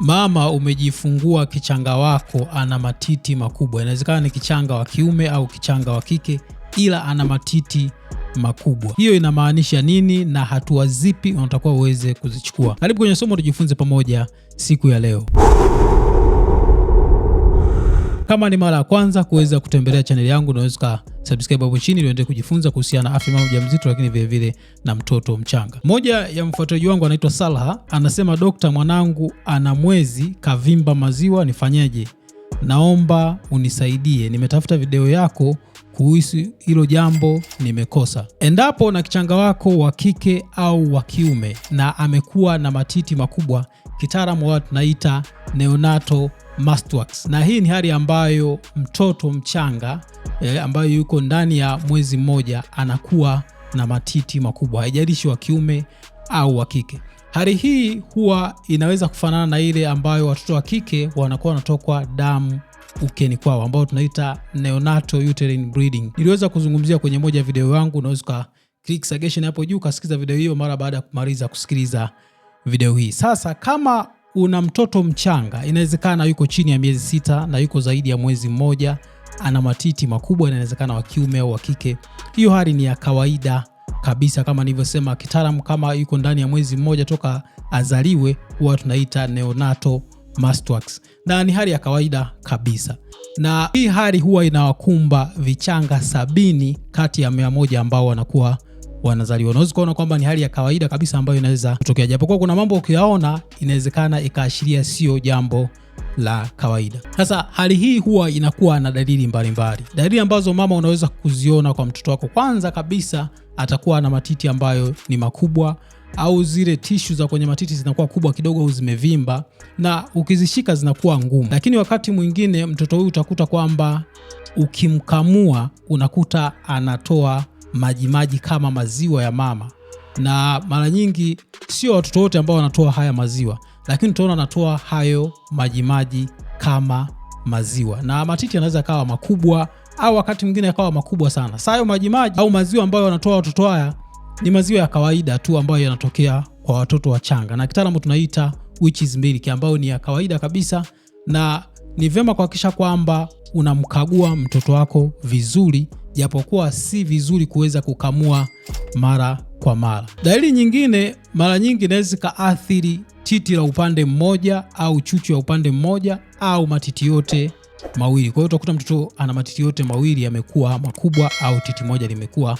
Mama umejifungua kichanga wako ana matiti makubwa. Inawezekana ni kichanga wa kiume au kichanga wa kike, ila ana matiti makubwa. Hiyo inamaanisha nini na hatua zipi unatakiwa uweze kuzichukua? Karibu kwenye somo tujifunze pamoja siku ya leo. Kama ni mara ya kwanza kuweza kutembelea chaneli yangu, unaweza ka subscribe hapo chini ili uendelee kujifunza kuhusiana na afya mama mjamzito, lakini vile vile na mtoto mchanga. Moja ya mfuatiliaji wangu anaitwa Salha, anasema dokta, mwanangu ana mwezi kavimba maziwa, nifanyeje? Naomba unisaidie, nimetafuta video yako kuhusu hilo jambo nimekosa. Endapo na kichanga wako wa kike au wa kiume na amekuwa na matiti makubwa kitaalamu wao tunaita neonato mastwax, na hii ni hali ambayo mtoto mchanga e, ambayo yuko ndani ya mwezi mmoja anakuwa na matiti makubwa, haijalishi wa kiume au wa kike. Hali hii huwa inaweza kufanana na ile ambayo watoto wa kike wanakuwa wanatokwa damu ukeni kwao ambao tunaita neonato uterine bleeding. Niliweza kuzungumzia kwenye moja ya video yangu, unaweza click suggestion hapo juu ukasikiza video hiyo mara baada ya kumaliza kusikiliza video hii. Sasa kama una mtoto mchanga, inawezekana yuko chini ya miezi sita na yuko zaidi ya mwezi mmoja, ana matiti makubwa, inawezekana wa kiume au wa kike. Hiyo hali ni ya kawaida kabisa, kama nilivyosema kitaalamu, kama yuko ndani ya mwezi mmoja toka azaliwe, huwa tunaita neonatal mastwax na ni hali ya kawaida kabisa, na hii hali huwa inawakumba vichanga sabini kati ya mia moja ambao wanakuwa wanazaliwa. Unaweza kuona kwamba ni hali ya kawaida kabisa ambayo inaweza kutokea, japokuwa kuna mambo ukiyaona inawezekana ikaashiria sio jambo la kawaida. Sasa hali hii huwa inakuwa na dalili mbalimbali. Dalili ambazo mama unaweza kuziona kwa mtoto wako, kwanza kabisa atakuwa na matiti ambayo ni makubwa au zile tishu za kwenye matiti zinakuwa kubwa kidogo au zimevimba na ukizishika zinakuwa ngumu. Lakini wakati mwingine mtoto huyu utakuta kwamba ukimkamua unakuta anatoa majimaji kama maziwa ya mama, na mara nyingi sio watoto wote ambao wanatoa haya maziwa, lakini tunaona anatoa hayo majimaji kama maziwa, na matiti yanaweza yakawa makubwa au wakati mwingine yakawa makubwa sana. Sasa hayo majimaji au maziwa ambayo wanatoa watoto haya ni maziwa ya kawaida tu ambayo yanatokea kwa watoto wachanga, na kitaalamu tunaita witch's milk, ambayo ni ya kawaida kabisa, na ni vyema kuhakikisha kwamba unamkagua mtoto wako vizuri japokuwa si vizuri kuweza kukamua mara kwa mara. Dalili nyingine mara nyingi inaweza ikaathiri titi la upande mmoja au chuchu ya upande mmoja au matiti yote mawili. Kwa hiyo utakuta mtoto ana matiti yote mawili yamekuwa makubwa au titi moja limekuwa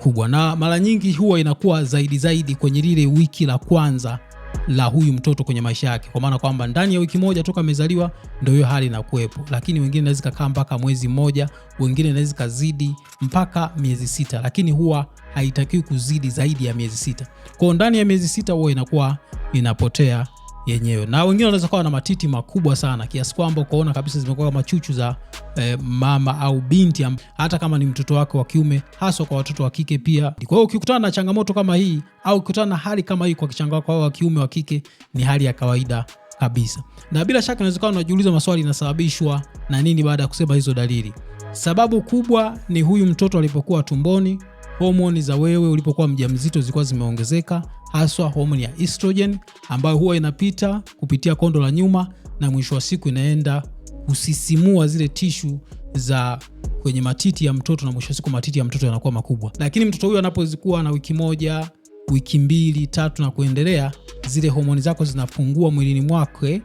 kubwa, na mara nyingi huwa inakuwa zaidi zaidi kwenye lile wiki la kwanza la huyu mtoto kwenye maisha yake, kwa maana kwamba ndani ya wiki moja toka amezaliwa ndio hiyo hali inakuwepo, lakini wengine inaweza kukaa mpaka mwezi mmoja, wengine inaweza kazidi mpaka miezi sita, lakini huwa haitakiwi kuzidi zaidi ya miezi sita. Kwa ndani ya miezi sita huwa inakuwa inapotea yenyewe, na wengine wanaweza kuwa na matiti makubwa sana kiasi kwamba ukaona kabisa zimekuwa kama chuchu za eh, mama au binti, hata kama ni mtoto wake wa kiume, haswa kwa watoto wa kike pia. Kwa hiyo ukikutana na changamoto kama hii au ukikutana na hali kama hii kwa kichanga wako wa kiume wa kike, ni hali ya kawaida kabisa, na bila shaka kuwa unajiuliza maswali inasababishwa na nini baada ya kusema hizo dalili. Sababu kubwa ni huyu mtoto alipokuwa tumboni, homoni za wewe ulipokuwa mjamzito zilikuwa zimeongezeka haswa homoni ya estrogen ambayo huwa inapita kupitia kondo la nyuma na mwisho wa siku inaenda kusisimua zile tishu za kwenye matiti ya mtoto na mwisho wa siku matiti ya mtoto yanakuwa makubwa. Lakini mtoto huyo anapozikuwa na wiki moja, wiki mbili, tatu na kuendelea, zile homoni zako zinapungua mwilini mwake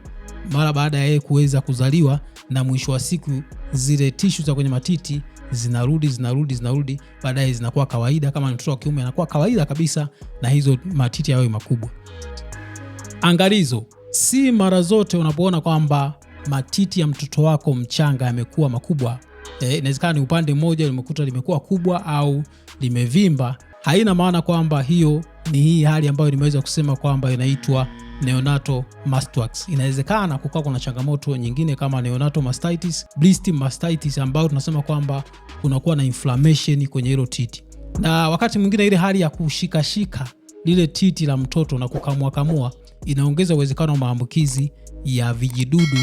mara baada ya yeye kuweza kuzaliwa, na mwisho wa siku zile tishu za kwenye matiti zinarudi zinarudi zinarudi, baadaye zinakuwa kawaida. Kama ni mtoto wa kiume anakuwa kawaida kabisa, na hizo matiti yawe makubwa. Angalizo, si mara zote unapoona kwamba matiti ya mtoto wako mchanga yamekuwa makubwa, eh, inawezekana e, ni upande mmoja limekuta limekuwa kubwa au limevimba. Haina maana kwamba hiyo ni hii hali ambayo nimeweza kusema kwamba inaitwa neonato mastworks. Inawezekana kukawa kuna changamoto nyingine kama neonato mastitis, blister mastitis ambayo tunasema kwamba kunakuwa na inflammation kwenye hilo titi, na wakati mwingine ile hali ya kushikashika lile titi la mtoto na kukamua kamua inaongeza uwezekano wa maambukizi ya vijidudu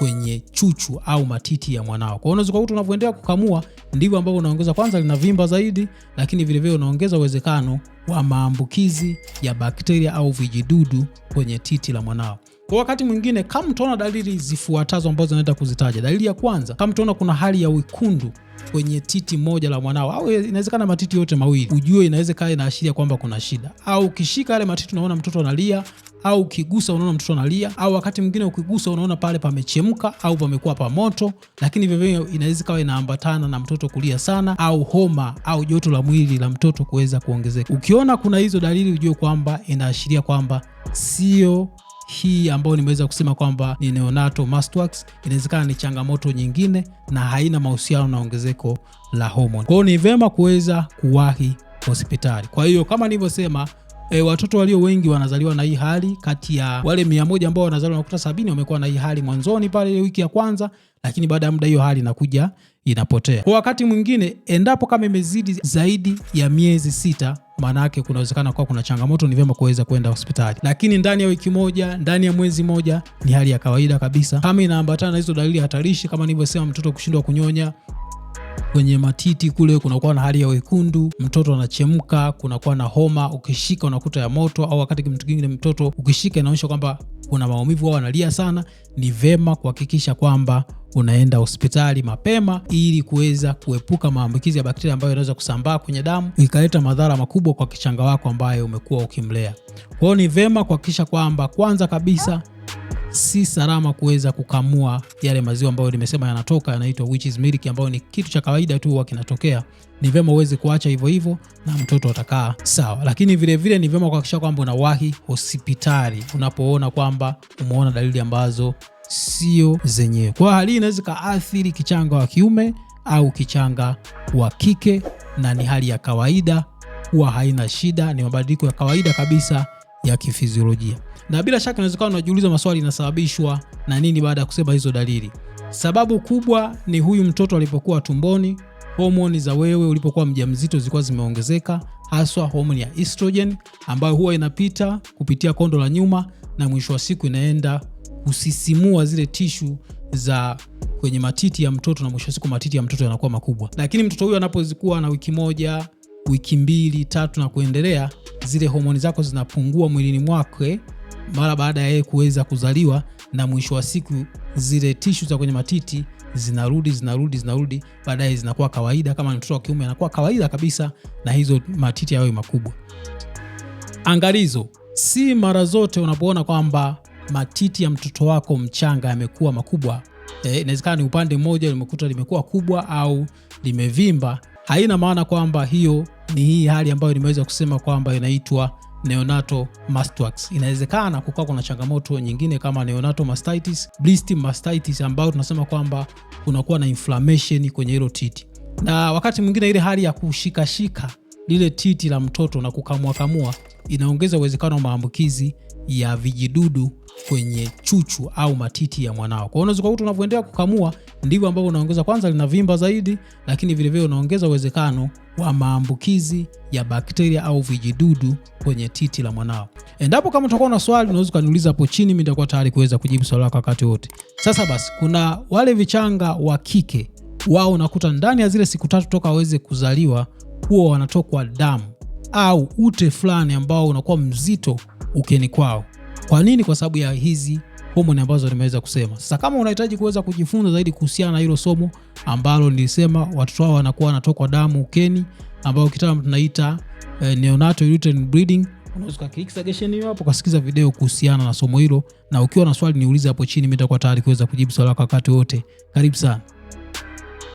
kwenye chuchu au matiti ya mwanao. Kwa hiyo unaweza kukuta unavyoendelea kukamua ndivyo ambavyo unaongeza kwanza linavimba zaidi, lakini vile vile unaongeza uwezekano wa maambukizi ya bakteria au vijidudu kwenye titi la mwanao. Kwa wakati mwingine, kama mtaona dalili zifuatazo ambazo naenda kuzitaja, dalili ya kwanza, kama mtaona kuna hali ya wekundu kwenye titi moja la mwanao au inawezekana matiti yote mawili, ujue inaweza kaa inaashiria kwamba kuna shida. Au ukishika yale matiti unaona mtoto analia, au ukigusa unaona mtoto analia, au wakati mwingine ukigusa unaona pale pamechemka au pamekuwa pa moto. Lakini vivyo inaweza kawa inaambatana na mtoto kulia sana, au homa au joto la mwili la mtoto kuweza kuongezeka. Ukiona kuna hizo dalili, ujue kwamba inaashiria kwamba sio hii ambayo nimeweza kusema kwamba ni neonatal mastworks inawezekana ni changamoto nyingine na haina mahusiano na ongezeko la homoni. Kwa hiyo ni vema kuweza kuwahi hospitali. Kwa hiyo kama nilivyosema e, watoto walio wengi wanazaliwa na hii hali. Kati ya wale mia moja ambao wanazaliwa nakuta sabini wamekuwa na hii hali mwanzoni pale wiki ya kwanza, lakini baada ya muda hiyo hali inakuja inapotea. Kwa wakati mwingine, endapo kama imezidi zaidi ya miezi sita maana yake kunawezekana kuwa kuna changamoto, ni vyema kuweza kwenda hospitali. Lakini ndani ya wiki moja, ndani ya mwezi moja ni hali ya kawaida kabisa, kama inaambatana na hizo dalili hatarishi kama nilivyosema, mtoto kushindwa kunyonya kwenye matiti kule kunakuwa na hali ya wekundu, mtoto anachemka, kunakuwa na homa, ukishika unakuta ya moto, au wakati mtu kingine mtoto ukishika inaonyesha kwamba kuna maumivu au analia sana, ni vema kuhakikisha kwamba unaenda hospitali mapema ili kuweza kuepuka maambukizi ya bakteria ambayo inaweza kusambaa kwenye damu ikaleta madhara makubwa kwa kichanga wako ambaye umekuwa ukimlea. Kwa hiyo ni vema kuhakikisha kwamba kwanza kabisa si salama kuweza kukamua yale maziwa ambayo nimesema yanatoka, yanaitwa witch's milk, ambayo ni kitu cha kawaida tu huwa kinatokea. Ni vyema uweze kuacha hivyo hivyo na mtoto atakaa sawa, lakini vilevile ni vyema kuhakikisha kwamba unawahi hospitali unapoona kwamba umeona dalili ambazo sio zenyewe. Kwa hali inaweza kaathiri kichanga wa kiume au kichanga wa kike, na ni hali ya kawaida, huwa haina shida, ni mabadiliko ya kawaida kabisa ya kifiziolojia. Na bila shaka unaweza kuwa unajiuliza maswali yanasababishwa na nini baada ya kusema hizo dalili. Sababu kubwa ni huyu mtoto alipokuwa tumboni, homoni za wewe ulipokuwa mjamzito zilikuwa zimeongezeka, haswa homoni ya estrogen ambayo huwa inapita kupitia kondo la nyuma na mwisho wa siku inaenda kusisimua zile tishu za kwenye matiti ya mtoto na mwisho wa siku matiti ya mtoto yanakuwa makubwa. Lakini mtoto huyu anapokuwa na wiki moja, wiki mbili, tatu na kuendelea, zile homoni zako zinapungua mwilini mwake mara baada ya yeye kuweza kuzaliwa, na mwisho wa siku zile tishu za kwenye matiti zinarudi zinarudi zinarudi, baadaye zinakuwa kawaida. Kama mtoto wa kiume anakuwa kawaida kabisa, na hizo matiti yawe makubwa. Angalizo, si mara zote unapoona kwamba matiti ya mtoto wako mchanga yamekuwa makubwa, eh, inawezekana ni upande mmoja limekuta limekuwa kubwa au limevimba. Haina maana kwamba hiyo ni hii hali ambayo nimeweza kusema kwamba inaitwa neonato mastwax. Inawezekana kukawa kuna changamoto nyingine kama neonato mastitis, blister mastitis ambayo tunasema kwamba kunakuwa na inflammation kwenye hilo titi, na wakati mwingine ile hali ya kushikashika lile titi la mtoto na kukamuakamua inaongeza uwezekano wa maambukizi ya vijidudu kwenye chuchu au matiti ya mwanao. Kwa hiyo unaweza kukuta unavyoendelea kukamua ndivyo ambavyo unaongeza, kwanza linavimba zaidi, lakini vile vile unaongeza uwezekano wa maambukizi ya bakteria au vijidudu kwenye titi la mwanao. Endapo kama utakuwa na swali, unaweza ukaniuliza hapo chini, mimi nitakuwa tayari kuweza kujibu swali lako wakati wote. Sasa basi, kuna wale vichanga wa kike, wao unakuta ndani ya zile siku tatu toka waweze kuzaliwa huwa wanatokwa damu au ute fulani ambao unakuwa mzito ukeni kwao. Kwa nini? Kwa sababu ya hizi homoni ambazo nimeweza kusema. Sasa kama unahitaji kuweza kujifunza zaidi kuhusiana na hilo somo ambalo nilisema watoto wao wanakuwa wanatokwa damu ukeni, ambao kitaalamu tunaita eh, neonatal uterine bleeding, unaweza suggestion hiyo hapo kusikiza video kuhusiana na somo hilo, na ukiwa na swali niulize hapo chini, mimi nitakuwa tayari kuweza kujibu swali lako wakati wote. Karibu sana.